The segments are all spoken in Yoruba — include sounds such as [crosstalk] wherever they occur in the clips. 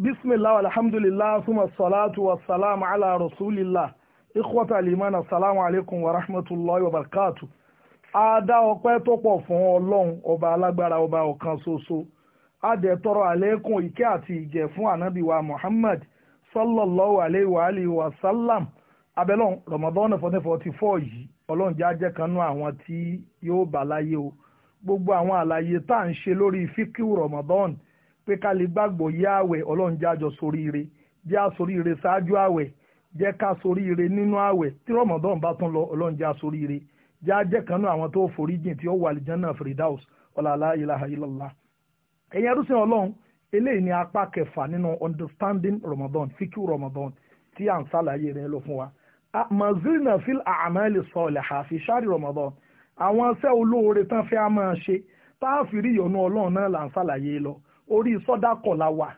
bismillah alhamdulillah suma salatu wa salam ala rasulillah ikhwata aliman assalamu alaikum wa rahmatullahi wa barakatu a dá ọpẹ́ tó pọ̀ fún ọlọ́run ọba alágbára ọba ọ̀kan ṣoṣo a dẹ̀ tọrọ àlékún ìkẹ́ àti ìgẹ̀ fún ànábì wa muhammad sallallahu alayhi wa alihi wa sallam abẹ́lọ́n ramadan 1444 yìí ọlọ́run jẹ́ ajẹ́ kan àwọn tí yóò bá láyé o gbogbo àwọn àlàyé tá à ń ṣe lórí fíkìú ramadan pé ká lè gbàgbọ́ yá àwẹ̀ ọlọ́run jẹ́ àjọ soríire jẹ́ àsoríire ṣáájú àwẹ̀ jẹ́ ká soríire nínú àwẹ̀ tí rọ̀mọ̀dọ́n bá tún lọ ọlọ́run jẹ́ àsoríire jẹ́ àjẹkànnú àwọn tó foríjìn tí ó wà àlìjánná firdaus ọ̀làlá ilaha illallah ẹ̀yin ẹrúsìn ọlọ́run eléyìí ni apá kẹfà nínú understanding ramadan fikiru ramadan tí à ń ṣàlàyé rẹ̀ lọ fún wa mazina fil amali saliha fi shari ramadan àwọn iṣẹ́ olóore tán fẹ́ a máa ṣe tá a fi rí ìyọ́nú ọlọ́run náà là ń ṣàlàyé lọ orí sọ́dákọ̀ la wà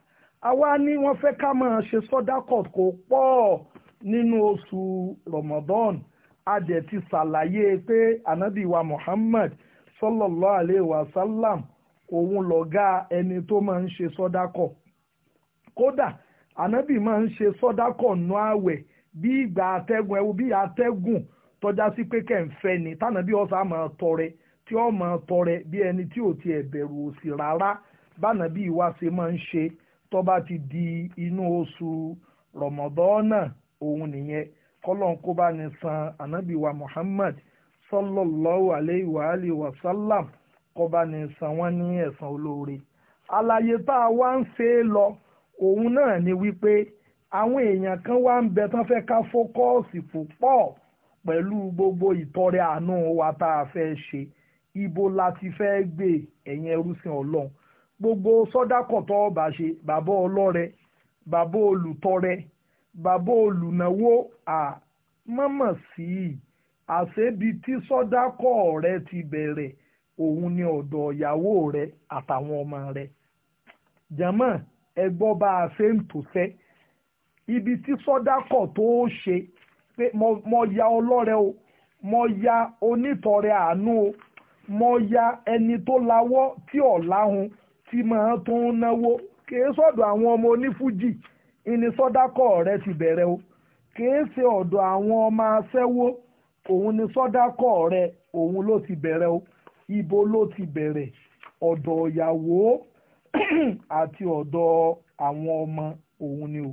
àwa ni wọ́n fẹ́ ká máa ṣe sọ́dákọ̀ kó pọ̀ nínú oṣù Ramadan a dẹ̀ ti ṣàlàyé pé ànábì wa Muhammad sallallahu alayhi wa sallam òun lọ̀gá ẹni tó máa ń ṣe sọ́dákọ̀ kódà ànábì máa ń ṣe sọ́dákọ̀ nù àwẹ̀ bí ìgbà atẹ́gùn ẹ̀wù bí atẹ́gùn tọ́já sí pé kẹ́ǹfẹ́ ni tànàbí ọ̀sán máa tọrẹ tí ó máa tọrẹ bí ẹni tí ò tiẹ̀ bẹ̀rù òṣì rárá bánàbí wa ṣe máa ń ṣe tó bá ti di inú oṣù rọmọdọ́nà òun nìyẹn kọ́lọ́n kó bá ní san ànábì wa Muhammad sallallahu alayhi wa sallam kó bá ní san wọ́n ní ẹ̀san olóore àlàyé tá a wá ń ṣe é lọ òun náà ni wípé àwọn èèyàn kan wá ń bẹ tán fẹ́ ká fókọ́ọ̀sì púpọ̀ pẹ̀lú gbogbo ìtọrẹ àánú wa tá a fẹ́ ṣe ibo la ti fẹ́ gbé ẹ̀yìn ẹrúsìn ọlọ́run gbogbo sọ́dákọ̀tọ́ ọba ṣe bàbá ọlọ́rẹ bàbá olùtọrẹ bàbá olùnáwó à mọ́mọ̀ sí i àṣebi tí sọ́dákọ̀ rẹ ti bẹ̀rẹ̀ òun ni ọ̀dọ̀ ìyàwó rẹ àtàwọn ọmọ rẹ jẹ́mọ́ ẹ gbọ́ bá a ṣe ń tòṣẹ́ ibi tí sọ́dákọ̀ tó ṣe pé mo ya ọlọ́rẹ o mo ya onítọrẹ àánú o mo ya ẹni tó lawọ́ tí ọ̀ láhun tí máa tó ń náwó kìí sọ̀dọ̀ àwọn ọmọ onífújì ìní sọ́dákọ̀ rẹ ti bẹ̀rẹ̀ o kìí ṣe ọ̀dọ̀ àwọn ọmọ aṣẹ́wó òun ni sọ́dákọ̀ rẹ òun ló ti bẹ̀rẹ̀ o ibo ló ti bẹ̀rẹ̀ ọ̀dọ̀ ìyàwó [clears throat] àti ọ̀dọ̀ àwọn ọmọ òun ni o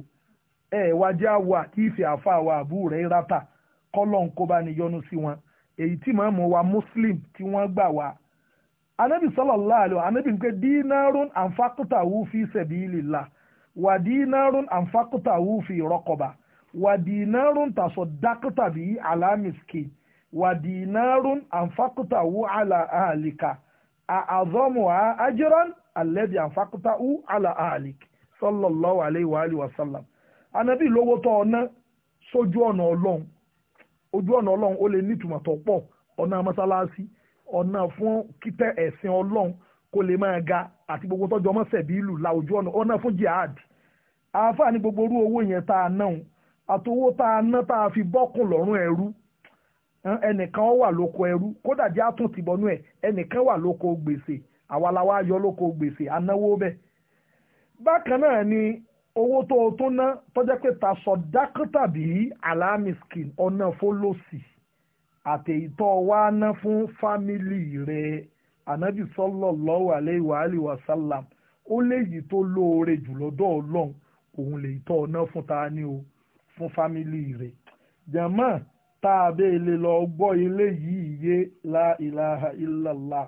ẹ wá jẹ́ àwọ̀ àkíyèsí àfàwọ̀ àbúrò rẹ̀ rátà kọ́lọ́n kó bá ní yọnu sí wọn èyí tí màmú wa muslim tí wọ́n gbà wá anabi sallallahu alayhi wa anabi ń pé dínárún ànfàkútà wù fi sabilillah wà dínárún ànfàkútà wù fi raqaba wà dínárún tasaddaqta bí ala miskin wà dínárún ànfàkútà wù ala ahlika àzọ́mùwà ajran alladhi ànfàkútà wù ala ahlik sallallahu alayhi wa alihi wa sallam anabi lówó tọ́ ọ ná sójú ọ̀nà ọlọ́run ojú ọ̀nà ọlọ́run ó lè nítumọ̀ tó pọ̀ ọ̀nà ọ̀nà fún kíkẹ́ ẹ̀sìn ọlọ́run kó lè máa ga àti gbogbo tọ́jú ọmọ ìlú la ọ̀nà ọ̀nà fún jihad àáfàá ní gbogbo orú owó yẹn tá a náà àtowó tá a ná tá a fi bọ́kùn lọ́rùn ẹrú ẹnìkan wà lóko ẹrú kódà jẹ́ àtúntìbọnú ẹ̀ ẹnìkan wà lóko gbèsè àwa yọ lóko gbèsè anáwó bẹ́ẹ̀ bákan náà ni owó tó o tún ná tọ́jẹ́ pé ta sọ dákítàbí alamiskin ọ̀nà fọlọ́sì àtẹ̀yìntọ́ wa ná fún fámìlì rẹ̀ ànábì sallallahu alaihi wa alihi wa sallam ó léyìí tó lóore jù lọ́dọ̀ òun lè tọ́ ọ̀nà fún ta ni o fún fámìlì rẹ̀ jàmọ́ tá a bẹ́ẹ̀ lè lọ gbọ́ ilé yìí yé la ilaha illallah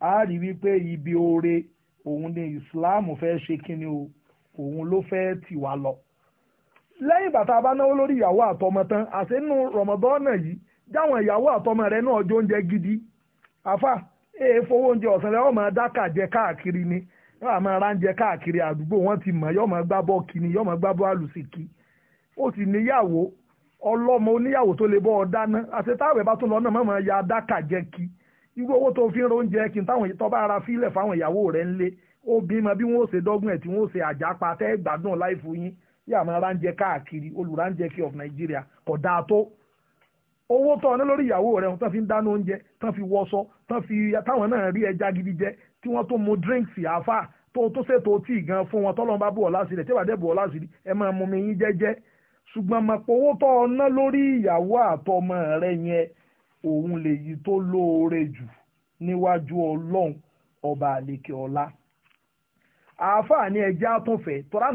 a rí wípé ibi oore òun ni islam fẹ́ ṣe kíni o òun ló fẹ́ tì wá lọ lẹ́yìn bàtà bá lórí ìyàwó àtọmọ tán àti nínú rọmọdọ́nà yìí jáwọn ìyàwó àtọmọ rẹ náà jó oúnjẹ gidi àfà èè fowó oúnjẹ ọ̀sán rẹ ọmọ dákà jẹ káàkiri ni yóò máa ránjẹ káàkiri àdúgbò wọn ti ma yóò máa gbá bọ́ kíni yóò máa gbá bọ́ àlùsìkì ó ti níyàwó ọlọ́mọ oníyàwó tó lè bọ́ ọ dáná àti táwọn ìbá lọ náà ya dákà jẹ kí irú owó tó fi ń kí n táwọn ara fílẹ̀ fáwọn ìyàwó rẹ̀ ńlé ó bímọ bí ó ṣe owó tó ọ̀nà lórí ìyàwó rẹ̀ tán fi ń dáná oúnjẹ tán fi wọṣọ tán fi táwọn náà rí ẹja gidi jẹ tí wọ́n tó mu drinks àáfà tó tó ṣètò tí gan fún wọn tọ́lọ́n bá bù ọ́ láṣìírí tí ìbàdẹ́ bù ọ́ láṣìírí ẹ máa mú mi yín jẹ́jẹ́ ṣùgbọ́n mọ̀ pé owó tó ọ̀nà lórí ìyàwó àtọmọ rẹ̀ yẹn òun lèyí tó lóore jù níwájú ọlọ́run ọba àlekè ọlá àáfà ni ẹjẹ́ àtúnfẹ́ tọ́lá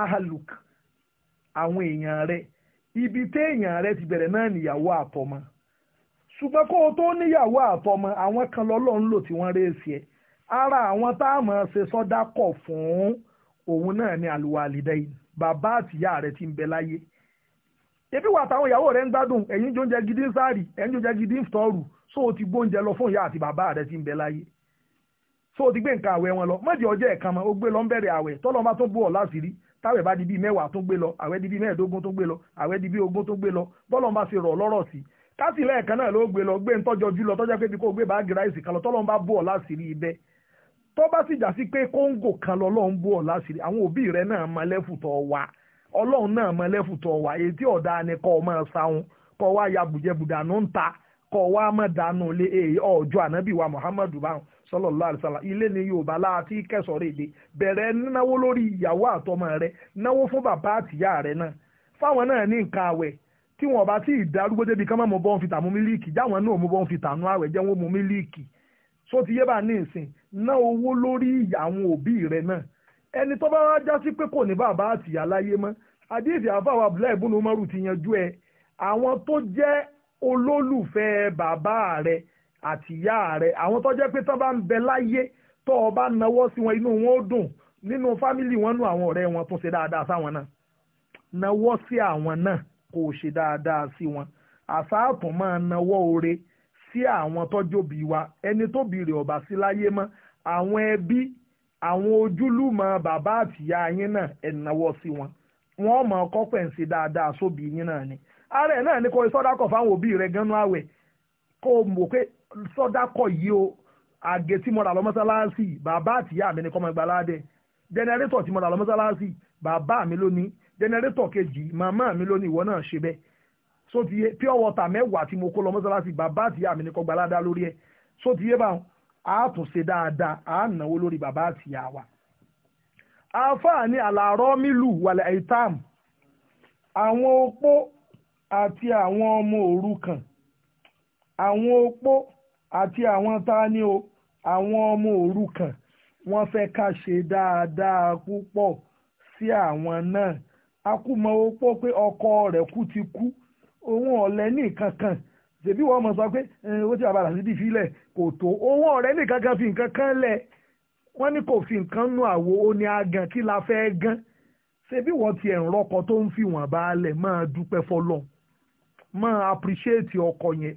ahaluk àwọn èèyàn ibi téèyàn rẹ ti bẹ̀rẹ̀ náà níyàwó àtọmọ ṣùgbọ́n kó o tó níyàwó àtọmọ àwọn kan lọ́lọ́ ń lò tí wọ́n rẹ̀ sí ẹ ara àwọn tá a máa ṣe sọ́dá kọ̀ fún òun náà ni àlùwàlídẹ́yìn bàbá àtìyá rẹ ti ń bẹ láyé ebi wà táwọn ìyàwó rẹ ń gbádùn ẹ̀yin jóúnjẹ gidi ń sáàrì ẹ̀yin jóúnjẹ gidi ń tọrù so o ti gbóúnjẹ lọ fún ìyá àti bàbá rẹ ti ń bẹ láyé so o ti gbé nǹkan àwẹ̀ wọn lọ mọ̀jẹ̀ ọjọ́ ẹ̀kan mọ́ o gbé lọ́nbẹ̀rẹ̀ àwẹ̀ tọ́lọ́mọ́ tó bú ọ láṣìírí táwẹ̀ bá di bíi mẹ́wàá tó gbé lọ àwẹ̀ di bíi mẹ́ẹ̀ẹ́dógún tó gbé lọ àwẹ̀ di bíi ogún tó gbé lọ bọ́lọ́n bá ṣe rọ̀ lọ́rọ̀ sí kásì lẹ́ẹ̀kan náà ló gbé lọ gbé ntọ́jọ jù lọ tọ́jà pé bí kò gbé báàgì ráìsì kan lọ tọ́lọ́n bá bú ọ láṣìírí ibẹ̀ tó bá sì jà sí pé kóńgò kan lọ lọ́n bú ọ láṣìírí àwọn òbí rẹ náà mọ lẹ́fùtọ̀ wà ọlọ́run náà mọ lẹ́fùtọ̀ wà èyí tí ọ̀dà ni kọ́ ọ máa sáwọn kọ́ wá ya bùjẹ́bùdà nù ń ta kọ́ wá mọ̀ lé ọjọ́ ànábì wa Muhammadu báwọn sallallahu alaihi wasallam ilé ní yorùbá láti kẹsọ̀rọ̀ èdè bẹ̀rẹ̀ náwó lórí ìyàwó àtọmọ rẹ náwó fún bàbá àtìyá rẹ náà fáwọn náà ní nǹkan àwẹ̀ tí wọn bá tí ìdarúgbó débi kán má mọ bọ́n fìtà mú mílíìkì jáwọn náà mú bọ́n fìtà nú àwẹ̀ jẹ́ wọn mú mílíìkì tó ti yé bá ní ìsìn ná owó lórí àwọn òbí rẹ náà ẹni tó bá wá já sí pé kò ní bàbá àtìyá láyé mọ́ àdéhìí àfàwọn abdullahi ibùnú àti ìyá rẹ̀ àwọn tó jẹ́ pé tó bá ń bẹ láyé tó o bá nawọ́ sí wọn inú wọn ó dùn nínú fámìlì wọn nù àwọn ọ̀rẹ́ wọn tó ṣe dáadáa sáwọn náà nawọ́ sí àwọn náà kò ṣe dáadáa sí wọn àsáàtún máa nawọ́ oore sí àwọn tọ́jọ́bí wa ẹni tó bìrì ọ̀bà sí láyé mọ́ àwọn ẹbí àwọn ojúlùmọ̀ bàbá àtìyá yín náà ẹ̀ nawọ́ sí wọn wọ́n mọ̀ ọkọ́ pẹ̀ǹsì dáadáa sóbì yín náà ni ààrẹ náà ní kò sọ́dákọ̀ fáwọn òbí rẹ̀ gan-an kó o mọ̀ pé sọ́dákọ̀ yìí o àgé tí mo rà lọ mọ́sálásì bàbá àtìyá mi ni kọ́mọ ìgbà ládẹ́ jẹnẹrétọ̀ tí mo rà lọ mọ́sálásì bàbá mi ló jẹnẹrétọ̀ kejì màmá mi ló ìwọ náà ṣe bẹ́ẹ̀ so ti yé pure water mẹ́wàá tí mo kó lọ mọ́sálásì bàbá àtìyá mi ni kọ́gbà ládá lórí ẹ̀ so ti yé báwọn àátúnṣe dáadáa àánáwó lórí bàbá àtìyá wa àfáàní àlàárọ̀ mílù wàlẹ̀ àìtàm àwọn opó àti àwọn ọmọ òrukàn àwọn opó àti àwọn tá a ní o àwọn ọmọ òrukàn wọ́n fẹ́ ká ṣe dáadáa púpọ̀ sí àwọn náà akúmọ̀ ó pọ̀ pé ọkọ rẹ̀ kú ti kú òun ọ̀lẹ́ ní kankan ṣèbí wọ́n mọ̀ sọ pé owó tí bàbá sídìí filẹ̀ kò tó owó ọ̀rẹ́ ní kankan fi nǹkan kan lẹ̀ wọ́n ní kò fi nǹkan nu àwo ó ní agan kí la fẹ́ gan ṣèbí wọ́n ti ẹ̀rọ ọkọ tó ń fi wọ́n bá lẹ̀ máa dúpẹ́ fọlọ́ máa appreciate ọkọ yẹn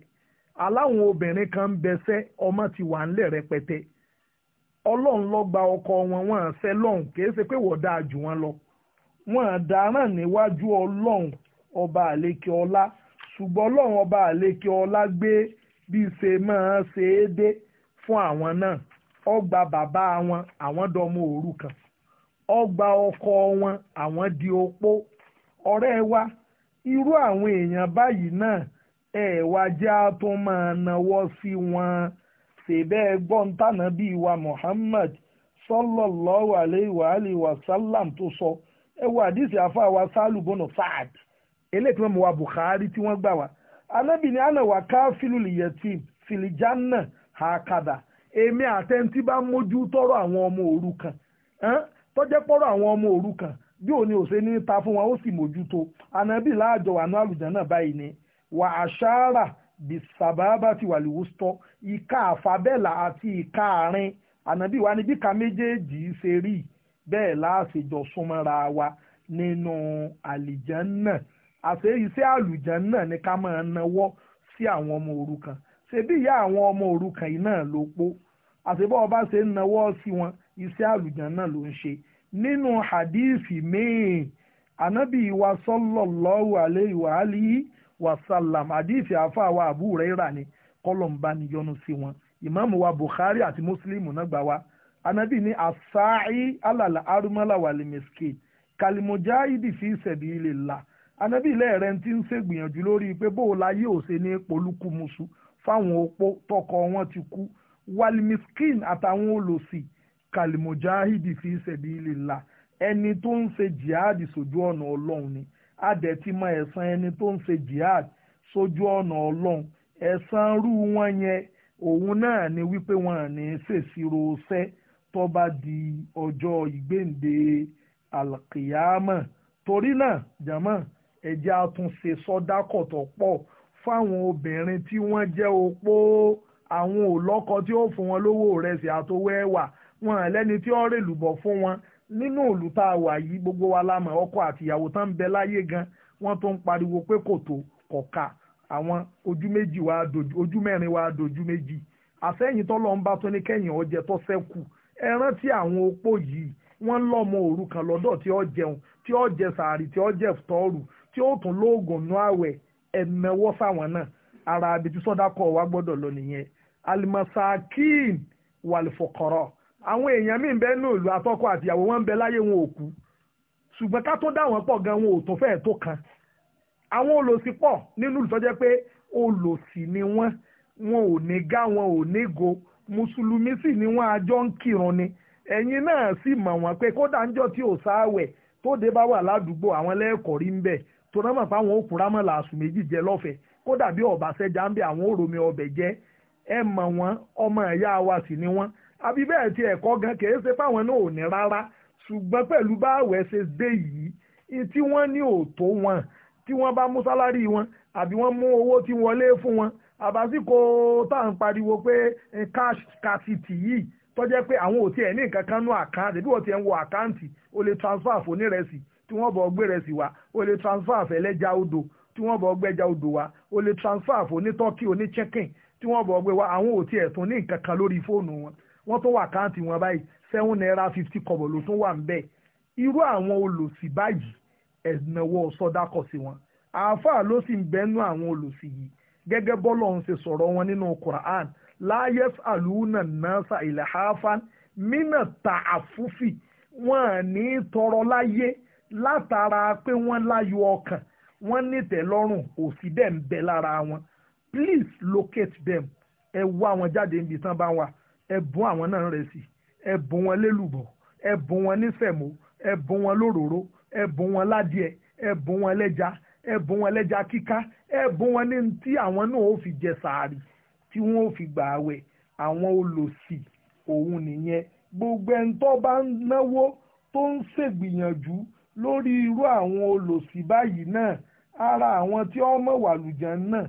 aláwọn obìnrin kan bẹsẹ ọmọ ti wà ńlẹ̀ rẹpẹtẹ ọlọ́run lọ gba ọkọ wọn wọn à fẹ́ lọ́hùn kìí ṣe pé dáa jù wọn lọ wọn à dáràn níwájú ọlọ́run ọba àlékè ọlá ọba àlékè ọlá gbé bí ṣe máa ṣe é dé fún àwọn náà bàbá wọn àwọn ọkọ wọn àwọn di opó wa irú àwọn èèyàn báyìí náà ẹ wá jẹ́ á tún máa nawọ́ sí wọn ṣèbẹ́ gbọ́n tànà bíi wa Muhammad sallallahu alayhi tó sọ ewu àdìsí wa sálù bọ́nà eléyìí tí wọ́n mú wa Bukhari tí wọ́n gbà wá anábì ní àná wà ká fílùlìyẹtì fìlìjánà àkàdà èmi bá mójú àwọn ọmọ tọ́jẹ́ pọ́rọ̀ àwọn ọmọ bí òní ta fún wọn ó ni wà àṣàrà bisababa ti wà lìwúsọ ìka àfàbẹ́là àti ìka àárín ànábì wa ni bí ka méjèèjì ṣe rí bẹ́ẹ̀ láàṣejọ súnmọ́ra wa nínú àlìjánná àṣẹ iṣẹ́ àlùjánná ni ká máa nawọ́ sí àwọn ọmọ òrukàn ṣebí ìyá àwọn ọmọ òrukàn yìí náà ló pọ̀ àṣebọ́ ọba ṣe ń nawọ́ sí wọn iṣẹ́ àlùjánná ló ń ṣe nínú hadithi míì ànábì wa sallallahu alaihi wa alihi wasalam àdìsí àáfàá wa Abu rẹ́rà ni kọ́lọ̀mbá ni yọ́nú sí wọn ìmáàmù wa Bukhari àti Muslim náà gbà wá anabi ní asaai alàlà arúmọ́là wà lè mẹ́sìkè fi ìṣẹ̀bí ilé la anabi ilẹ̀ rẹ̀ ti ń ṣègbìyànjú lórí pé bó o láyé ò ṣe ní polúkúmuṣu fáwọn opó tọkọ wọn ti kú walimiskin àtàwọn olòṣì kàlímọ̀já ìdì fi ìṣẹ̀bí ilé la ẹni tó ń ṣe jihadi sójú ọ̀nà ọlọ́run ni adẹ̀tìmọ̀ ẹ̀san ẹni tó ń ṣe jihad sójú ọ̀nà ọlọ́run ẹ̀san rú wọn yẹn òun náà ni wípé wọn ní ṣèṣirò ṣẹ́ tó di ọjọ́ ìgbéǹde alkiyama torí náà jàmọ́ ẹ̀jẹ̀ àtúnṣe sọ́dákọ̀ tó pọ̀ fáwọn obìnrin tí wọ́n jẹ́ opó àwọn òlọ́kọ tí ó fún wọn lówó rẹ̀ sí àtọwọ́ ẹ̀wà wọn lẹ́ni tí ó rèlùbọ̀ fún wọn nínú ìlú tá a wà yìí gbogbo wa lámọ̀ ọkọ àti ìyàwó tán ń bẹ láyé gan wọn tó ń pariwo pé kò tó àwọn ojú méjì wa dojú ojú mẹ́rin wa dojú méjì ń bá tó ní ọjẹ́ tó àwọn opó yìí òrukàn lọ́dọ̀ tí ó jẹun tí ó jẹ sàárì tí ó jẹ tí ó tún lóògùn nú àwẹ̀ náà ara alimasakin àwọn èèyàn míì bẹ́ẹ̀ ní òòlù àtọkọ àtìyàwó wọn bẹ láyé wọn ò kú ṣùgbọ́n ká tó dá wọn pọ̀ gan wọn ò tó fẹ́ẹ̀ tó kan àwọn olòṣì pọ̀ nínú ìtọ́jẹ́ pé olòṣì ni wọ́n wọn ò ní gá wọn ò ní go mùsùlùmí sì ni wọ́n àjọ ń kírun ni ẹ̀yin náà sì mọ̀ wọ́n pé kódà tí ò tó dé bá wà ládùúgbò àwọn lẹ́ẹ̀kọ́ rí ń bẹ̀ tó náà mọ̀ làásù méjì lọ́fẹ̀ẹ́ kódà bí ọ̀bà wa sì ni àbí bẹ́ẹ̀ ti ẹ̀kọ́ gan kìí ṣe fáwọn náà ò ní rárá ṣùgbọ́n pẹ̀lú bá àwẹ̀ ṣe dé yìí tí wọ́n ní òótọ́ wọn tí wọ́n bá mú sálárì wọn àbí wọ́n mú owó tí wọlé fún wọn àbásíkò tá à ń pariwo pé cash scarcity yìí tó jẹ́ pé àwọn ò tiẹ̀ ní nǹkan kan nú àkáǹtì bí wọ́n tiẹ̀ ń wo àkáǹtì o lè transfer fónírẹsì tí wọ́n bọ̀ gbérẹsì wá o lè transfer fẹ́lẹ́jà odò tí wọ́n bọ̀ gbẹ́jà odò wá o lè transfer fónítọ́kì oníchẹ́kìn tí wọ́n bọ̀ gbé wá àwọn ò tiẹ̀ tún ní nǹkan kan lórí fóònù wọn wọ́n tó wà káàntì wọn báyìí seven naira fifty kọ̀bọ̀ ló tún wà ń bẹ̀ irú àwọn olòṣì báyìí ẹ̀sìnàwó sọ́dákọ̀ sí wọn àáfàá ló sì ń bẹ́nu àwọn olòṣì yìí gẹ́gẹ́ bọ́lọ̀ ń ṣe sọ̀rọ̀ wọn nínú Quran láyẹ́s àlùúnà nasa ìlàháfán mínà ta àfúfì wọn ní tọrọ láyé látara pé wọ́n láyọ̀ ọkàn wọ́n nítẹ̀ lọ́rùn òsì dẹ̀ ń bẹ lára wọn please locate them ẹ wá wọn jáde níbi tán bá wà ẹ̀bùn àwọn náà rẹ̀ sí ẹ̀bùn wọn lélùbọ̀ ẹ̀bùn wọn nísẹ̀mó ẹ̀bùn wọn lóròró ẹ̀bùn wọn ládìẹ ẹ̀bùn wọn lẹ́ja ẹ̀bùn wọn lẹ́ja kíká ẹ̀bùn wọn ní tí àwọn náà ó fi jẹ sàárì tí wọ́n ó fi gbà àwẹ̀ àwọn olòṣì òun nìyẹn gbogbo ẹni tó bá ń náwó tó ń ṣègbìyànjú lórí irú àwọn olòṣì báyìí náà ara àwọn tí ó mọ̀ wàlùjàn náà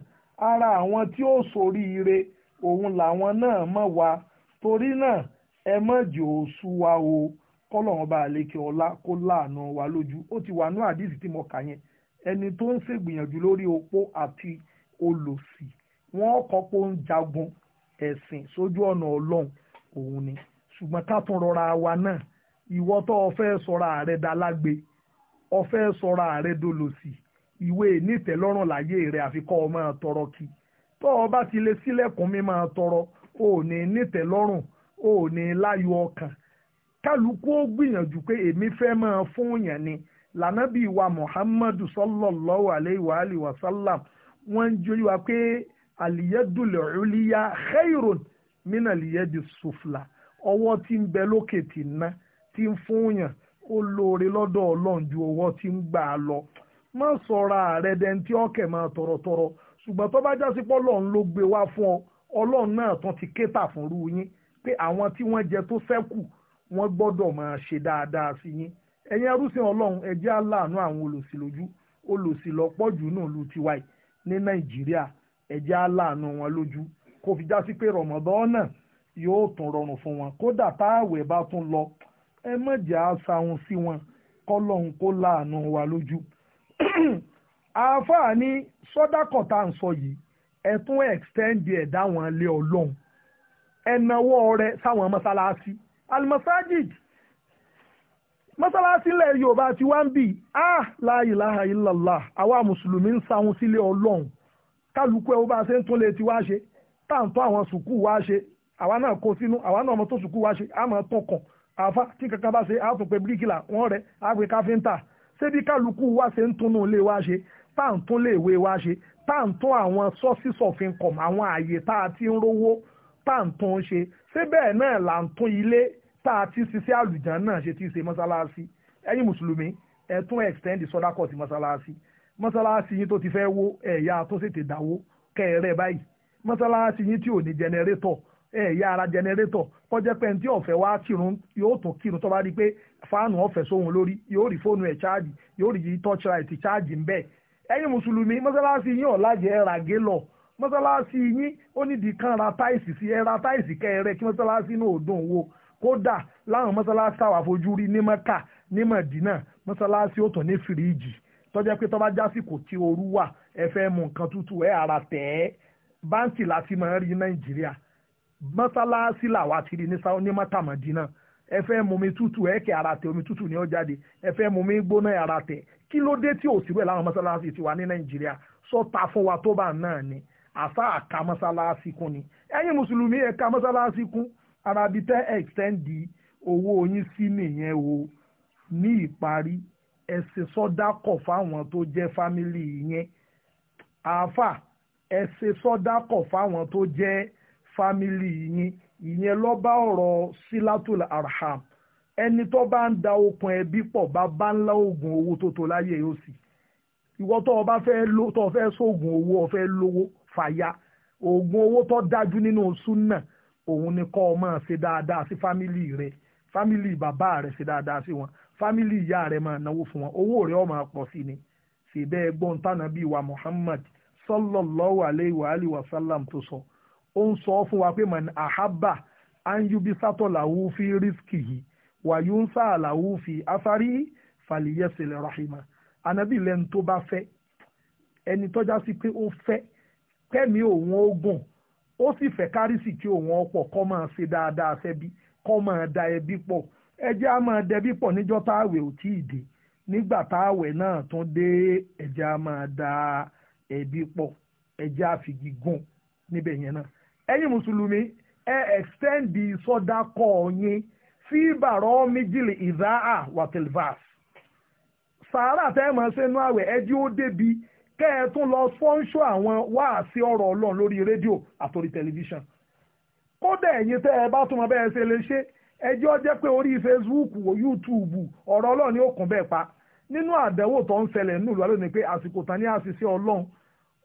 ara àwọn tí ó ṣoríire òun làwọn náà mọ̀ wá torí náà ẹ má jẹ́ òṣù wa o kọ́lọ́run bá lékè ọlá kó láàánú wa lójú ó ti wà ní àdìsí tí mo kà yẹn ẹni tó ń ṣègbìyànjú lórí opó àti olòṣì wọ́n kọ́pọ̀ ń jagun ẹ̀sìn sójú ọ̀nà ọlọ́run òun ni ṣùgbọ́n ká tún rọra wa náà ìwọ tó o fẹ́ sọra ààrẹ dalágbe o fẹ́ ààrẹ dolòṣì ìwé nítẹ̀lọ́rùn láyé rẹ̀ àfikọ́ ọ máa tọrọ kí tó o bá ti lè sílẹ̀kùn mi máa tọrọ o ò ní nítẹ́ lọ́rùn o ò ní láyọ̀ ọkàn kálukú ó gbìyànjú pé èmi fẹ́ máa fún yàn ni lànàbí wa muhammadu sallallahu alayhi wa alayhi wa sallam wọ́n ń jóyè wa pé àlìyédùlẹ̀ òlíyà khairun mina àlìyédì sufla ọwọ́ ti ń bẹ lókè ti ń ná tí ń fún yàn ó lóore lọ́dọ̀ ọlọ́run ju ọwọ́ tí ń gbà á lọ má sọra rẹ̀ dẹ́ntí ọ̀kẹ́ máa tọrọtọrọ ṣùgbọ́n tó bá jásí pọ́lọ́ ń ló gbé wá fún ọ ọlọ́run náà tún ti kéta fún irú yín pé àwọn tí wọ́n jẹ tó ṣẹ́kù wọ́n gbọ́dọ̀ máa ṣe dáadáa sí yín ẹ̀yin arúsìn ọlọ́run ẹ jẹ́ aláàánú àwọn olòṣì lójú olòṣì lọ́pọ̀ jù náà lu tiwa yìí ní nàìjíríà ẹ jẹ́ aláàánú wọn lójú kò fi já sí pé rọ̀mọ̀dán náà yóò tún rọrùn fún wọn kódà táàwẹ̀ bá tún lọ ẹ má jẹ́ àṣàhùn sí wọn kọ́lọ́hún kó láàánú wa lójú [clears throat] àáfàá ní sọ́dákọ̀ tá à ń sọ yìí ẹ tún extend ẹ̀ dáwọn ilé ọlọ́run ẹ nawọ́ rẹ sáwọn mọ́sálásí almasajid mọ́sálásí ilẹ̀ yorùbá ti wá ń bì á ah, la ilaha illallah àwa mùsùlùmí ń sáwọn sílé ọlọ́run kálukú ẹ̀ ó bá ṣe ń tún lè ti wá ṣe táǹtọ́ àwọn sùkúù wá ṣe àwa náà kó sínú àwa náà ọmọ tó sùkúù wá ṣe á máa tún kàn àfa tí kankan bá ṣe á tún pé bíríkìlà wọ́n rẹ̀ á pé káfíńtà ṣé bí kálukú wá ṣe ń túnú ilé wá ṣe táǹtún lè wé wá ṣe táǹtún àwọn sources of income àwọn ààyè tá a ti ń rówó táǹtún ń ṣe ṣé bẹ́ẹ̀ náà là ń tún ilé tá a ti ṣiṣẹ́ àlùján náà ṣe ti ṣe mọ́ṣáláṣí ẹ̀yin mùsùlùmí ẹ̀ tún extend sọ́dákọ̀ sí mọ́ṣáláṣí mọ́ṣáláṣí yín tó ti fẹ́ wó ẹ̀yà tó ṣètè dáwó kẹ́ẹ̀rẹ́ báyìí mọ́ṣáláṣí yín tí ò ní jẹnẹrétọ̀ ẹ̀yà ara jẹnẹrétọ̀ kọjá pé ní tí ọ̀fẹ́ wá kírun yóò tún kírun tó bá rí pé fáànù ọ̀fẹ́ sóhun lórí yóò rí fóònù ẹ̀ ṣáàjì yóò rí torchlight ṣáàjì ń bẹ́ẹ̀ ẹ̀yin mùsùlùmí mọ́sálásí yín ọ̀làjẹ́ ẹ̀rà gélọ̀ mọ́sálásí yín ó nídìí kan ra táìsì sí ẹ̀ra táìsì kẹrẹ kí mọ́sálásí náà ò dùn wò kódà láwọn mọ́sálásí àwọn àfojúrí ní mẹ́kà ní mọ̀dínà mọ́sálásí ó tún ní fìríìjì tọ́jẹ́ pé tọ́ba jásìkò tí ooru wà ẹ fẹ́ mu nǹkan tútù ẹ ara tẹ̀ ẹ́ báńkì láti máa rí nàìjíríà mọ́sálásí làwa ti rí ní mọ́tàmọ́dínà ẹ fẹ́ mú mi tútù ẹ kẹ́ ara tẹ omi tútù ní ó jáde ẹ fẹ́ mú mi gbóná ara tẹ kí ló dé tí ò sí bẹ́ẹ̀ láwọn mọ́sálásí ti wà ní nàìjíríà sọ́ta fún wa tó bá náà ni àṣà àka mọ́sálásí kún ni ẹ̀yin mùsùlùmí ẹ̀ka mọ́sálásí kún ara bíi tẹ́ ẹ̀xtẹ́ndì owó yín sí nìyẹn o ní ìparí ẹ ṣe fáwọn tó jẹ́ fámìlì yẹn àáfà ẹ ṣe fáwọn tó jẹ́ fámìlì yín ìyẹn lọ bá ọ̀rọ̀ silatul arham ẹni tó bá ń da okùn ẹbí pọ̀ bàbá ńlá oògùn owó tó tó láyé yóò sì ìwọ tó o bá fẹ́ lo tó o fẹ́ sóògùn owó o fẹ́ lówó fàyà oògùn owó tó dájú nínú súnà òun ni kọ́ ọ máa ṣe dáadáa sí fámìlì rẹ fámìlì bàbá rẹ ṣe dáadáa sí wọn fámìlì ìyá rẹ máa náwó fún wọn owó rẹ ó pọ̀ sí ni ṣèbẹ́ ẹgbọ́n tánàbí wa Muhammad sallallahu alayhi wa wa sallam tó sọ. So ó ń sọ fún wa pé man ahaba anyubi sátọ̀ làwù fi rísíkì yìí wàyú ń sá làwù fi afárí fàlìyẹsẹ̀lẹ̀ rahima anabi lẹ́nu tó bá fẹ́ ẹni tọ́já sí pé ó fẹ́ kẹ́mi òun ó gùn ó sì fẹ́ kárìsì kí òun ọ̀pọ̀ kọ́ máa ṣe dáadáa ṣẹ́bí kọ́ máa da ẹbí pọ̀ ẹjẹ́ á máa dẹbí pọ̀ níjọ́ táàwẹ̀ ò tí ì dé nígbà táàwẹ̀ náà tún dé ẹjẹ́ á máa da ẹbí pọ̀ ẹjẹ́ á fi gígùn níbẹ̀ yẹn náà ẹ̀yin mùsùlùmí ẹ extend sọ́dá kọ́ ọ̀yin sí bàrọ́ méjìlì ìzáà wàtìlvas sàárà tẹ́ mọ̀ sínú àwẹ̀ ẹjí ó débi kẹ́ ẹ tún lọ sponsor àwọn wáàsí ọ̀rọ̀ ọlọ́run lórí rédíò àtòrí tẹlifíṣàn kódà ẹ̀yin tẹ́ ẹ bá tún mọ bẹ́ẹ̀ ṣe lè ṣe ẹjọ́ jẹ́ pé orí Facebook YouTube ọ̀rọ̀ ọlọ́run ni ó kún bẹ́ẹ̀ pa nínú àdánwò tó ń ṣẹlẹ̀ nílùú alónìí pé àsìkò tán àṣìṣe ọlọ́run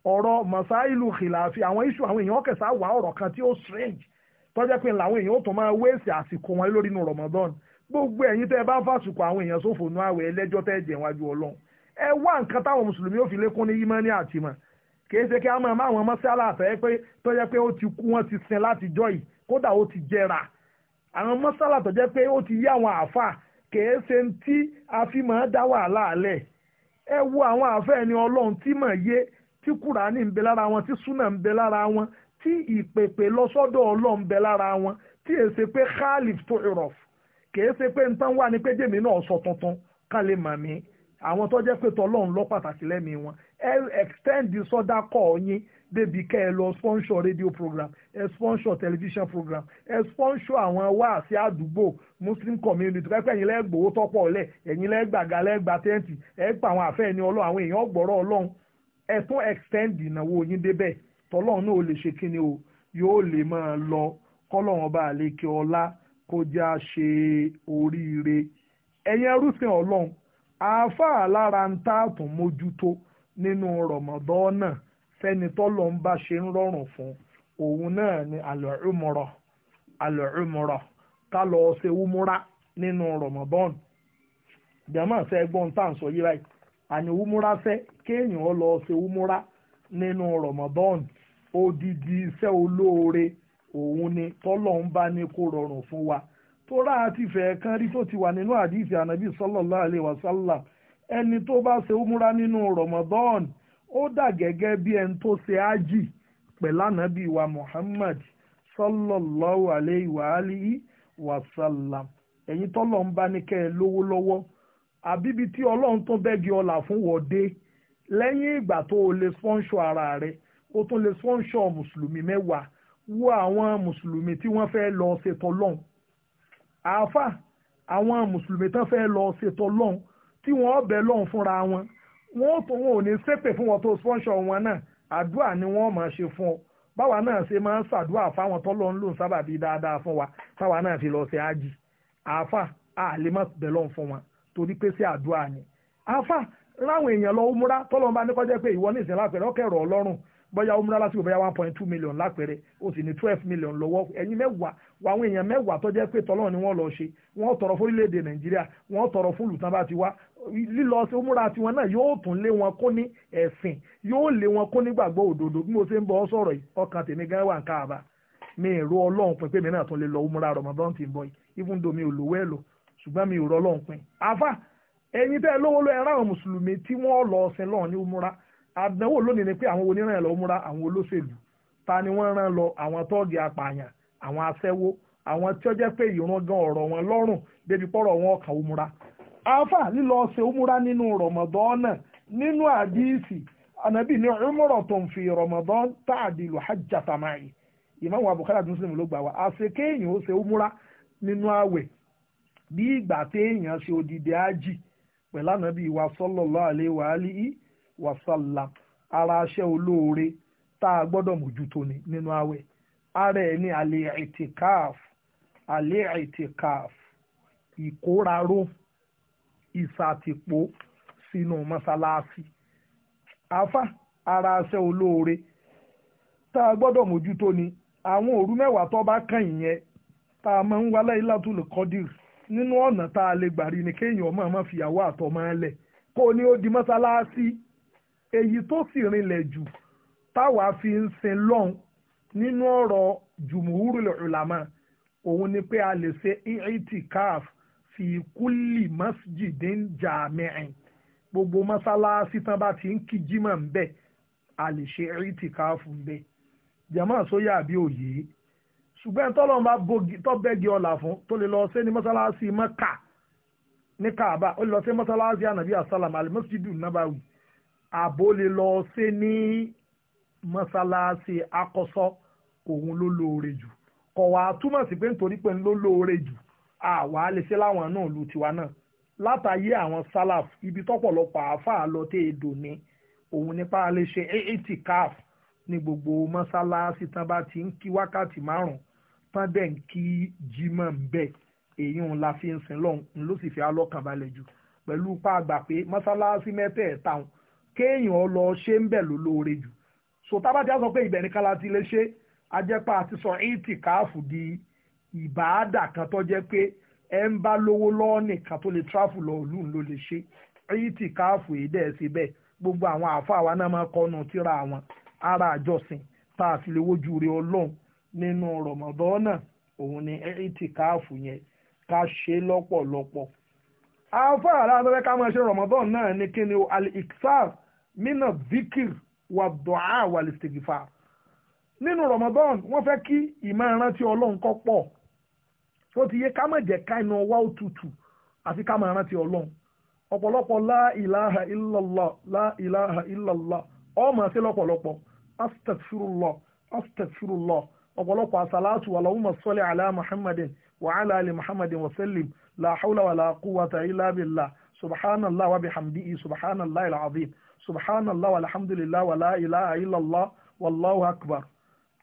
ọ̀rọ̀ masailu khilafi àwọn iṣu àwọn èèyàn kẹsà wà ọ̀rọ̀ kan tí ó strange tọ́jẹ́ pé làwọn èèyàn ó tún máa wéèsì àsìkò wọn lórí inú Ramadan gbogbo ẹ̀yin tẹ́ ẹ bá fàṣùkọ àwọn èèyàn sófò nú àwẹ̀ ẹlẹ́jọ́ tẹ́ ẹ jẹ̀ wájú Ọlọ́run ẹ wá nǹkan táwọn mùsùlùmí ó fi lékún ní yímọ́ ní àtìmọ́ kìí ṣe kí a máa máwọn mọ́sálà àtẹ́yẹ pé tọ́jẹ́ pé ó ti kú wọ́n ti sin látijọ́ yìí kódà ó ti jẹrà àwọn mọ́sálà tọ́jẹ́ pé ó ti yí àwọn àáfà kìí ṣe tí a dá wàhálà alẹ̀ ẹ wo àwọn àáfà ẹni Ọlọ́run tí mà yé tí kùránì ń bẹ lára wọn tí súnà ń bẹ lára wọn tí ìpèpè lọ́sọ́dọ̀ ọlọ́run ń bẹ lára wọn tí è ṣe pé khalif tó ìrọ̀f kì í ṣe pé n tán wà ní pé jèmi náà sọ tuntun ká lè mà mí àwọn tó jẹ́ pé tọ́lọ́run lọ pàtàkì lẹ́mìí wọn ẹ extend sọ́dá kọ́ yín débi kẹ́ ẹ lọ sponsor radio program ẹ sponsor television program ẹ sponsor àwọn wáàsí àdúgbò muslim community pẹ́pẹ́ ẹ̀yin lẹ́gbòó tọ́pọ̀ lẹ̀ ẹ̀yin lẹ́gbàgà lẹ́gbà tẹ́ǹtì ẹ pa àwọn àfẹ́ ẹni ọlọ́run àwọn èèyàn ọgbọ̀rọ̀ ọlọ́run ẹ tún extend ìnáwó yín débẹ̀ tọ́lọ́run náà ò lè ṣe kíni o yóò lè máa lọ kọ́lọ́run ọba àlekè ọlá kó já ṣe oríire ẹ̀yin ẹrúsìn ọlọ́run àáfàá lára ń tààtùn mójútó nínú rọ̀mọ̀dọ́ náà fẹ́ni tọ́lọ́ bá ṣe ń rọrùn fún òun náà ni àlọ́rùmọ̀rọ̀ àlọ́rùmọ̀rọ̀ ká lọ ṣe wúmúrá nínú rọ̀mọ̀dọ́n jẹ́mọ̀ sẹ́gbọ́n tá à ń sọ yí báyìí àyàn umura fẹ́ kéèyàn lọ ṣe umura nínú Ramadan odidi iṣẹ́ olóore òun ni tọ́lọ̀ ń bá ní kó rọrùn fún wa tó rà á ti fẹ́ kan rí tó ti wà nínú àdìsí anabi sallallahu alaihi wasallam ẹni tó bá ṣe umura nínú Ramadan ó dà gẹ́gẹ́ bí ẹni tó ṣe ájì pẹ̀lú ànábì wa Muhammad sallallahu alaihi wa alihi wasallam ẹ̀yin tọ́lọ̀ ń bá ní kẹ́ ẹ lówó lọ́wọ́ àbíbi tí ọlọ́run tó bẹ́gi ọlà fún wọ́dé lẹ́yìn ìgbà tó o lè sponsor ara rẹ o tún lè sponsor mùsùlùmí mẹ́wàá wo àwọn mùsùlùmí tí wọ́n fẹ́ lọ ṣètò ọlọ́run àáfà àwọn mùsùlùmí tán fẹ́ lọ ṣètò ọlọ́run tí wọ́n bẹ̀ lọ́run fúnra wọn wọ́n tó wọn ò ní ṣépè fún wọn tó sponsor wọn náà àdúrà ni wọ́n máa ṣe fún ọ báwa náà ṣe máa ń ṣàdúrà fáwọn tọ́lọ́run lòun sábàbí dáadáa fún wa táwa náà fi lọ ṣe ájì àáfà àlè má bẹ̀ lọ́run fún wọn torí pé sí àdúrà ni afa ráwọn èèyàn lọ umra tọ́lọ́n bá ní kọjá pé ìwọ ní ìsìn lápẹ̀rẹ̀ ọ̀kẹ́rọ̀ ọlọ́run bóyá umra lásìkò bóyá one point two million lápẹ̀rẹ̀ o sì ní twelve million lọ́wọ́ ẹ̀yin mẹ́wàá wà àwọn èèyàn mẹ́wàá tó jẹ́ pé tọ́lọ́run ni wọ́n lọ ṣe wọ́n tọrọ fún orílẹ̀-èdè nàìjíríà wọ́n tọrọ fún olùtàn bá ti wá lílọ sí umra tiwọn náà yóò tún lé wọn kó ní ẹ̀sìn yóò lé wọn kó nígbàgbọ́ òdodo bí mo ṣe ń bọ́ sọ̀rọ̀ yìí ọkàn tèmi gan wà ń káàbà mi èrò ọlọ́run pé mi náà tún lè lọ umra rọmọdún tí ń bọ̀ yìí even though mi ò lówó ẹ̀ lò ṣùgbọ́n mi ò rọ ọlọ́run pin àfà ẹ̀yin tẹ́ lówó lọ ẹ̀rọ àwọn mùsùlùmí tí wọ́n lọ ọ̀sẹ̀ lọ́ọ̀ ní umura àdánwò lónìí ni pé àwọn oníràn ẹ̀ lọ umura àwọn olóṣèlú ta ni wọ́n rán lọ àwọn tọ́ọ̀gì apààyàn àwọn aṣẹ́wó àwọn tí ó jẹ́ pé ìran gan ọ̀rọ̀ wọn lọ́rùn débi pọ́rọ̀ wọn ọkàn umura àfà lílọ ọ̀sẹ̀ umura nínú rọ̀mọ̀dọ́nà nínú àdíìsì ànábì ní umrọ̀ tó ń fi rọ̀mọ̀dọ́n tààdìlù hajjata máa umura nínú àwẹ̀ bí ìgbà téèyàn ṣe odidi ájì pẹ̀lú ànábì wa sallallahu alaihi wa alihi wa sallam ara aṣẹ́ olóore tá a gbọ́dọ̀ mójútó ni nínú àwẹ̀ ara ẹ̀ ní alẹ́ ìtìkáf alẹ́ ìtìkáf ìkóraró ìsàtìpó sínú mọ́sálásí afa ara aṣẹ́ olóore tá a gbọ́dọ̀ mójútó ni àwọn òru mẹ́wàá tó bá kàn yẹn tá a máa ń wá láyé látúlù kọ́dìrì nínú ọ̀nà tá a lè gbà rí ni kéèyàn ọmọ ọmọ fìyàwó àtọmọ ẹlẹ̀ kó ní ó di mọ́sálásí èyí tó sì rinlẹ̀ jù táwa fi ń sin lọ́hùn nínú ọ̀rọ̀ jùmùúrù ulama òun ni pé a lè ṣe itikaf fi kulli masjidin jami'in gbogbo mọ́sálásí tán bá ti ń kí jímọ̀ ń bẹ̀ a lè ṣe itikaf ń bẹ̀ jàmáà sóyà àbí òye ṣùgbọ́n tọ́lọ́run bá tọ́bẹ́gi ọ̀là fún tó lè lọ sí ní mọ́sálásí mọ́kà ní kaaba ó lè lọ sí mọ́sálásí ànàbí àsálàmù alimọ́sídù nàbàwì àbó lè lọ sí ní mọ́sálásí akọ́sọ́ òun ló lóore jù kọ̀ wá túmọ̀ sí pé nítorí pé ń ló lóore jù àwa lè ṣe láwọn náà lu tiwa náà látàyé àwọn sálàf ibi tọ́pọ̀lọpọ̀ àáfàá lọ tẹ́ èdò ni òun nípa lè ṣe eighty calf ní gbogbo mọ́sálásí tán bá ti ń kí wákàtí márùn-ún tán dẹ̀ ń kí jimá ń bẹ̀ èyí ń la fi ń sin lọ́hùn ń ló sì fi alọ́kàn balẹ̀ jù pẹ̀lú pa àgbà pé mọ́sálásí mẹ́tẹ̀ẹ̀ta wọn kéèyàn lọ ṣe ń bẹ̀ ló lóore jù so tábàtì á sọ pé ibẹ̀ nìkan la ti lè ṣe ajẹ́pà àti sọ eighty káàfù di ìbáàdà kan tó jẹ́ pé ẹ ń bá lówó lọ́ọ́ nìkan tó lè tráfù lọ òlù ló lè ṣe eighty káàfù yìí dẹ̀ ṣe bẹ́ẹ̀ gbogbo àwọn àáfàá wa náà máa kọ́nu tíra àwọn ara àjọsìn tá a sì lè wojú rẹ ọlọ́run nínú rọ̀mọ̀dọ́nà òun ni ìtìkáàfù yẹn ká ṣe lọ́pọ̀lọpọ̀ àáfà aláàbẹ̀rẹ̀ ká máa ṣe rọ̀mọ̀dọ́n náà ni kí ni o mina wa du'a wa listigifa nínú rọ̀mọ̀dọ́n wọ́n fẹ́ kí ìmọ̀ ọlọ́run kọ́ pọ̀ tó ti yẹ ká má jẹ́ ká iná wá òtútù àfi ká máa rántí ọlọ́run la ilaha illallah la ilaha illallah lọ́pọ̀lọpọ̀ ọ̀pọ̀lọpọ̀ àsàlátù allahumma salli ala muhammadin wa ala ali muhammadin wa sallim la hawla wa la quwwata illa billah subhanallah wa bihamdihi subhanallah al-azim subhanallah walhamdulillah wa la ilaha illallah wallahu akbar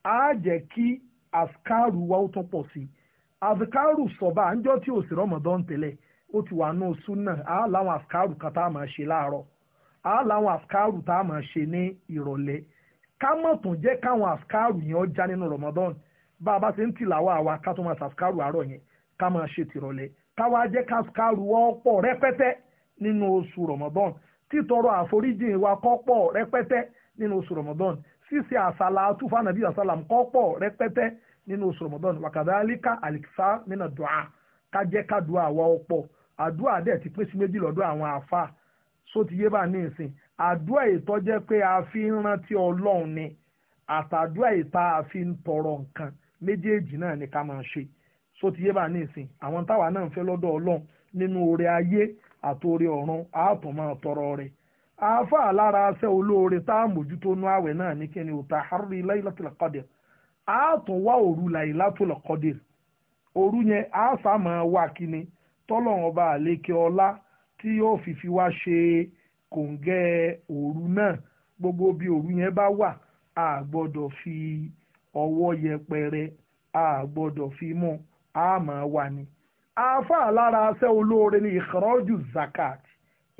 a jẹ́ kí àsìkáàrù wa ó tún pọ̀ sí àsìkáàrù sọ̀bà àńjọ́ tí ò sí rọ́mọdán tẹ́lẹ̀ ó ti wà nù súnà á láwọn àsìkáàrù kan tá a máa ṣe láàárọ̀ á láwọn àsìkáàrù tá a máa ṣe ní ìrọ̀lẹ́ ká mọ̀ tún jẹ́ káwọn àṣkárù yẹn ó já nínú Ramadan bá a bá ṣe ń tìlàwọ́ àwa ká tó máa ṣàṣkárù àárọ̀ yẹn ká máa ṣe tìrọ̀lẹ́ káwa jẹ́ ká àṣkárù ọ̀pọ̀ rẹpẹtẹ nínú oṣù Ramadan títọrọ àforíjìn wa kọ́pọ̀ rẹpẹtẹ nínú oṣù Ramadan ṣíṣe àṣàlà àtúfà nàbí àṣàlàm kọ́pọ̀ rẹpẹtẹ nínú oṣù Ramadan wàkàdálíkà àlìkísà nínú dùà ká ká dùà wa ọ̀pọ̀ àdúà dẹ̀ ti pín sí méjì lọ́dọ̀ àwọn àáfàá só ti yé àdúrà ètò jẹ́ pé a fi ń rántí ọlọ́run ni àtàdúrà ètò a fi ń tọrọ nǹkan méjèèjì náà ni ká máa ṣe só ti yé bá ní ìsìn àwọn táwa náà ń fẹ́ lọ́dọ̀ ọlọ́run nínú oore ayé àtòore ọ̀run àátọ̀ máa tọrọ rẹ̀ àáfà lára aṣẹ́ olóore tá a mójútó nú àwẹ̀ náà ní kíni ò ta harri laylatul qadr àátọ̀ wá òru laylatul qadr òru yẹn àáfà máa wá kíni tọ́lọ́run ọba àlékè ọlá tí yóò fi fi wá ṣe é kòǹgẹ́ òru náà gbogbo bí òru yẹn bá wà a gbọ́dọ̀ fi ọwọ́ yẹpẹrẹ a gbọ́dọ̀ fi mú a máa wà ní. àáfàá lára aṣẹ́ olóore ni ìkọ́rọ́jú zakat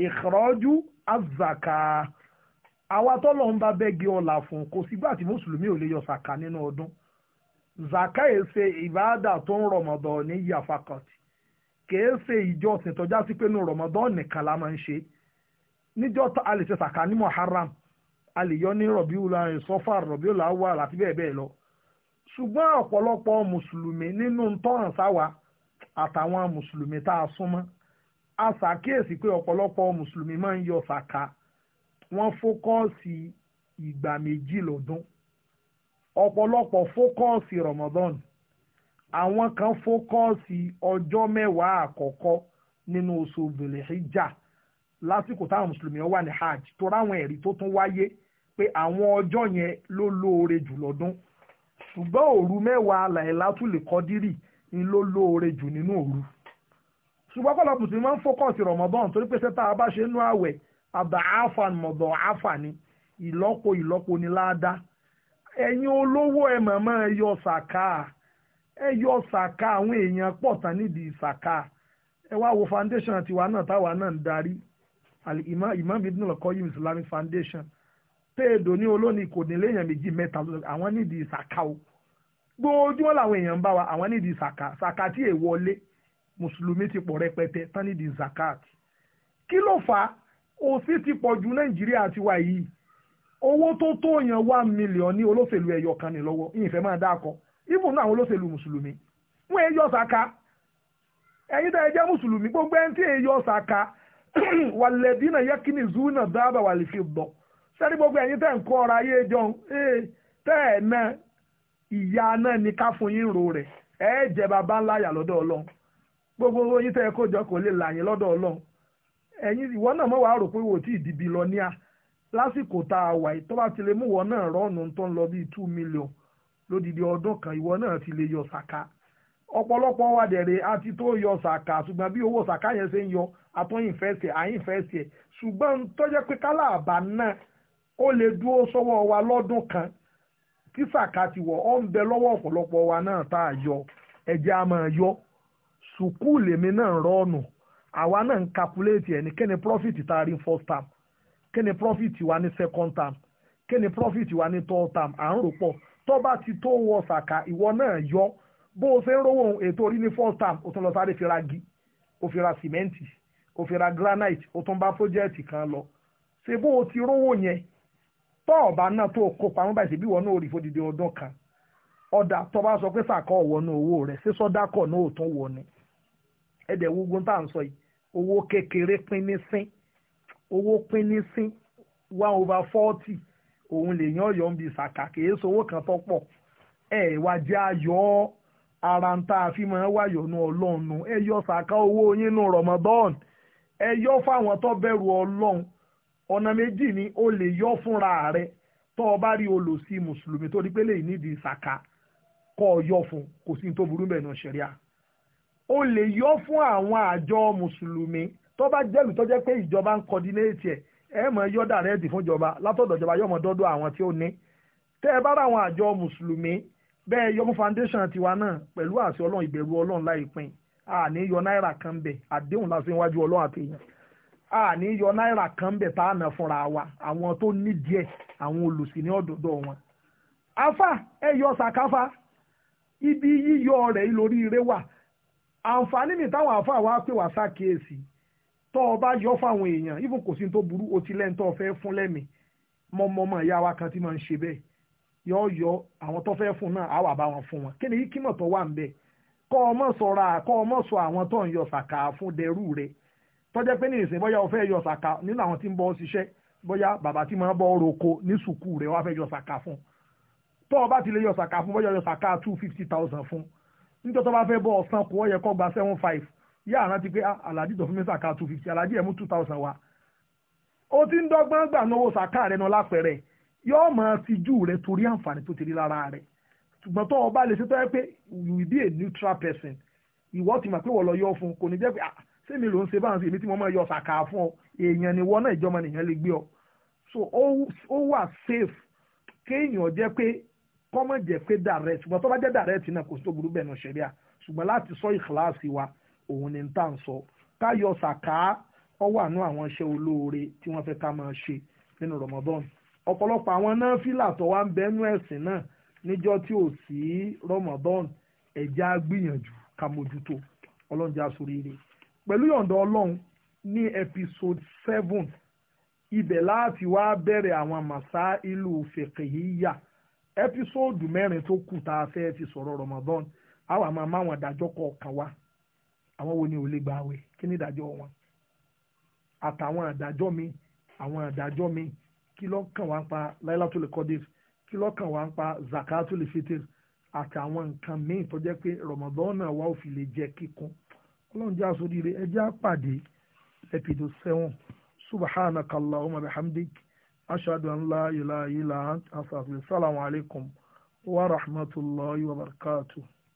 ìkọ́rọ́jú azaka àwa tọ́lọ̀ ń bá bẹ́gi ọ̀la fún kò sígbà tí mùsùlùmí ò lè yọ sàkà nínú ọdún zaka yìí ṣe ìbáàdà tó ń rọmọdọ̀ ní yafakọ̀tì kìí ṣe ìjọsìn tọ́já sí pé ní rọmọdọ̀ nìkan la máa ń ṣe níjọ́ tá a lè ṣe sàkà ní muharram a lè yọ ní rọ̀bíù láàrin sọ́fà rọ̀bíù làwà àti bẹ́ẹ̀ bẹ́ẹ̀ lọ ṣùgbọ́n ọ̀pọ̀lọpọ̀ mùsùlùmí nínú tọ́ràn sáwà àtàwọn mùsùlùmí tá a súnmọ́ a ṣàkíyèsí pé ọ̀pọ̀lọpọ̀ mùsùlùmí máa ń yọ sàkà wọ́n fókọ́ọ̀sì ìgbà méjì lọ́dún ọ̀pọ̀lọpọ̀ fókọ́ọ̀sì Ramadan àwọn kan fókọ́ọ̀sì ọjọ́ mẹ́wàá àkọ́kọ́ nínú oṣù bìlìhíjà lásìkò táwọn mùsùlùmí wà ní hajj tó ráwọn ẹ̀rí tó tún wáyé pé àwọn ọjọ́ yẹn ló lóore jù lọ́dún ṣùgbọ́n òru mẹ́wàá làìlátùlẹ̀ kọ́dírì ni ló lóore jù nínú òru ṣùgbọ́n kọ́lọ̀ mùsùlùmí máa ń fọ́kọ̀sì rọ̀mọ́dọ́n torí pé sẹ́ta a bá ṣe nú àwẹ̀ àbá àfà mọ̀dọ̀ àfà ni ìlọ́po ìlọ́po ni láàdá ẹ̀yin olówó ẹ màmá ẹ yọ sàká ẹ yọ àwọn èèyàn pọ̀ tán nídìí sàká ẹ wá wo foundation tiwa náà táwa náà ń darí Imam Ibn al-Qayyim Islamic Foundation téèdò ní olóni kò ní léèyàn méjì mẹ́ta àwọn nídìí ìsàká o gbójúmọ́ làwọn èèyàn ń bá wa àwọn nídìí ìsàká ìsàká tí è wọlé mùsùlùmí ti pọ̀ rẹpẹtẹ tán nídìí ìsàká kí ló fà á òfin ti pọ̀ ju Nàìjíríà tiwa yìí owó tó tó yàn one million ní olóṣèlú ẹ̀yọ kan ní lọ́wọ́ ìyìnfẹ́ máa dá akọ even náà àwọn olóṣèlú mùsùlùmí wọ́n èyí yọ sàká ẹ̀yin tẹ́ ẹ jẹ́ mùsùlùmí gbogbo ẹni tí èyí yọ wàlẹ́dínà yakini zúnà dábà wà lè fi bọ̀ sẹ́ni gbogbo ẹ̀yin tẹ̀ ń ayé iya na ẹ̀ ìyá náà ro rẹ̀ ẹ̀ jẹ́ bàbá ńlá yà lọ́dọ̀ gbogbo tẹ́ náà pe wò lọ lásìkò náà bíi million ọdún kan ìwọ náà ti le yọ sàká ọ̀pọ̀lọpọ̀ wa dẹ̀rẹ̀ àti tó yọ sàkà ṣùgbọ́n bí owó sàkà yẹn ṣe ń yọ àtúnyìn fẹ́sẹ̀ àyìn fẹ́sẹ̀ ṣùgbọ́n tó jẹ́ pé kálàbà náà ó lè dúró sọ́wọ́ wa lọ́dún kan tí sàkà ti wọ̀ ọ́ ń bẹ lọ́wọ́ ọ̀pọ̀lọpọ̀ wa náà tá a yọ ẹ̀jẹ̀ a máa yọ sùkúù lèmi náà rọ́ọ̀nù àwa náà ń kakuléètì ẹ̀ kí ni profit tá a rí first term kí ni profit wa ní second term kí ni profit wa ní third term à ń rò pọ̀ tó bá ti tó wọ sàkà ìwọ náà yọ bó o ṣe ń rówó ètò orí ní first term o tún lọ sáré fi gi o fi ra o fi granite o tún bá project kan lọ ṣe bó o ti rówó yẹn tọ́ ọ̀bá náà tó kó pamọ́ báyìí ṣèbí ìwọ náà ò rí fódìdí ọdún kan ọ̀dà tó bá sọ pé sàkọ́ ọ̀wọ́nú owó rẹ̀ ṣé sọ́dákọ̀ náà ò tún wọ ni ẹ̀dẹ̀ wogun tá à ń sọ yìí owó kékeré pín ní sín owó pín ní sín one over forty òun lèèyàn yọ̀ ń bi sàkà kìí sọ owó kan tó pọ̀ ẹ̀ wá jẹ́ ayọ̀ ara ń tá a fi máa wáyọ̀nù ọlọ́run ẹ yọ sàká owó yín nù Ramadan ẹ yọ fáwọn tó bẹ̀rù ọlọ́run ọ̀nà méjì ni o lè yọ fúnra rẹ tó o bá rí olòṣì mùsùlùmí tó di pé lè nídìí sàká kọ́ ọ yọ fún kò sí ní tó burú bẹ́ẹ̀ náà ṣẹ̀ríà o lè yọ fún àwọn àjọ mùsùlùmí tó bá jẹ́lu tó jẹ́ pé ìjọba ń kọ́dínéètì ẹ̀ ẹ mọ̀ yọ dàrẹ́ẹ̀tì fúnjọba látọ̀dọ̀ ìjọba yọmọ dọ́dọ̀ àwọn tí ó ní tẹ́ ẹ bá ra àwọn àjọ mùsùlùmí bẹ́ẹ̀ yọmú foundation tiwa náà pẹ̀lú àṣẹ ọlọ́run ìbẹ̀rù ọlọ́run láìpín àní yọ náírà kan bẹ̀ àdéhùn láti wájú ọlọ́run àtẹ̀yìn àní yọ náírà kan bẹ̀ tá a nà fúnra wa àwọn tó ní díẹ̀ àwọn olùsìn ní ọ̀dọ̀dọ̀ wọn. afa ẹ yọ sàkáfa ibi yíyọ rẹ̀ lórí ire wà àǹfààní mi táwọn afa wa pè wá sákèésì tọ́ ọ bá yọ fáwọn èèyàn ibùn kò sí tó burú o ti lẹ́ńtọ́ fẹ́ fún lẹ́mìí mọ́mọ́mọ́ ìyá wa kan ti máa ń ṣe bẹ́ẹ̀ yọ yọ àwọn tó fẹ́ fún náà á wà bá wọn fún wọn kí ni hikima tó wà ń bẹ kọ́ ọmọ sọ̀ra kọ́ ọmọ sọ àwọn tó ń yọ sàkà fún dẹrú rẹ tọ́jẹ́ pé ní ìsìn bóyá o fẹ́ yọ sàkà nínú àwọn tí ń bọ́ ṣiṣẹ́ bóyá bàbá tí máa ń bọ́ roko ní sùkúù rẹ̀ wá fẹ́ yọ sàkà fún tọ́ ọ bá ti lè yọ sàkà fún bóyá yọ sàkà two fifty thousand fún nítorí tó bá fẹ́ bọ́ ọ̀sán kò wọ́yẹ kọ́ gba seven five yá àrántí pé ah, aláàjì tó fún mi sàkà two fifty aláàjì ẹ̀ mú two thousand wá. o ti ń yóò máa fi jù rẹ torí àǹfààní tó ti rí lára rẹ ṣùgbọ́n tó o lè ṣe tó yẹ pé you will be a neutral person ìwọ ti mọ̀ pé wọ́n lọ yọ fún un kò ní jẹ́ pé ah ṣé mi ló ń ṣe báyìí èmi tí mo máa yọ ṣàkà fún ọ èèyàn ni wọ́n náà ìjọba nìyẹn lè gbé ọ so ó wà safe kéèyàn jẹ́ pé kọ́mọ̀ jẹ́ pé direct ṣùgbọ́n tó bá jẹ́ direct náà kò sí tó burú bẹ́ẹ̀ nù ṣẹ̀ríà ṣùgbọ́n láti sọ ìkíláàsì wa òun ni tá à ń sọ ká yọ ṣàkà ọ wà àwọn iṣẹ́ olóore tí wọ́n fẹ́ ká máa ṣe nínú Ramadan ọ̀pọ̀lọpọ̀ àwọn náfìlà tó wá ń bẹnu ẹ̀sìn náà níjọ́ tí ò sí Ramadan ẹ̀já gbìyànjú ká mójútó ọlọ́njà sóríire pẹ̀lú yọ̀ǹda ọlọ́run ní episode seven ibẹ̀ láti wá bẹ̀rẹ̀ àwọn màsá ìlú fèkèyíyà episode mẹ́rin tó kù tá a fẹ́ fi sọ̀rọ̀ Ramadan àwọn àmọ́ àmọ́ àdájọ́ kọ̀ọ̀kan wá àwọn wo ni ò lè gbààwẹ̀ kí ni ìdájọ́ wọn àtàwọn àdájọ́ mi àwọn àdájọ́ mi kí ló kàn wá ń pa láìlátul kọ́dìr kí ló kàn wá ń pa zakatul fitr àtàwọn nǹkan míì tó jẹ́ pé rọmọdọ́nà wa ò fi lè jẹ́ kíkún ọlọ́run jẹ́ àsọdíire ẹ jẹ́ àpàdé ẹ̀pìdò sẹ́wọ̀n subhanaka allahumma bihamdik ashhadu an la ilaha illa anta astaghfiruka assalamu alaikum wa rahmatullahi wa barakatuh.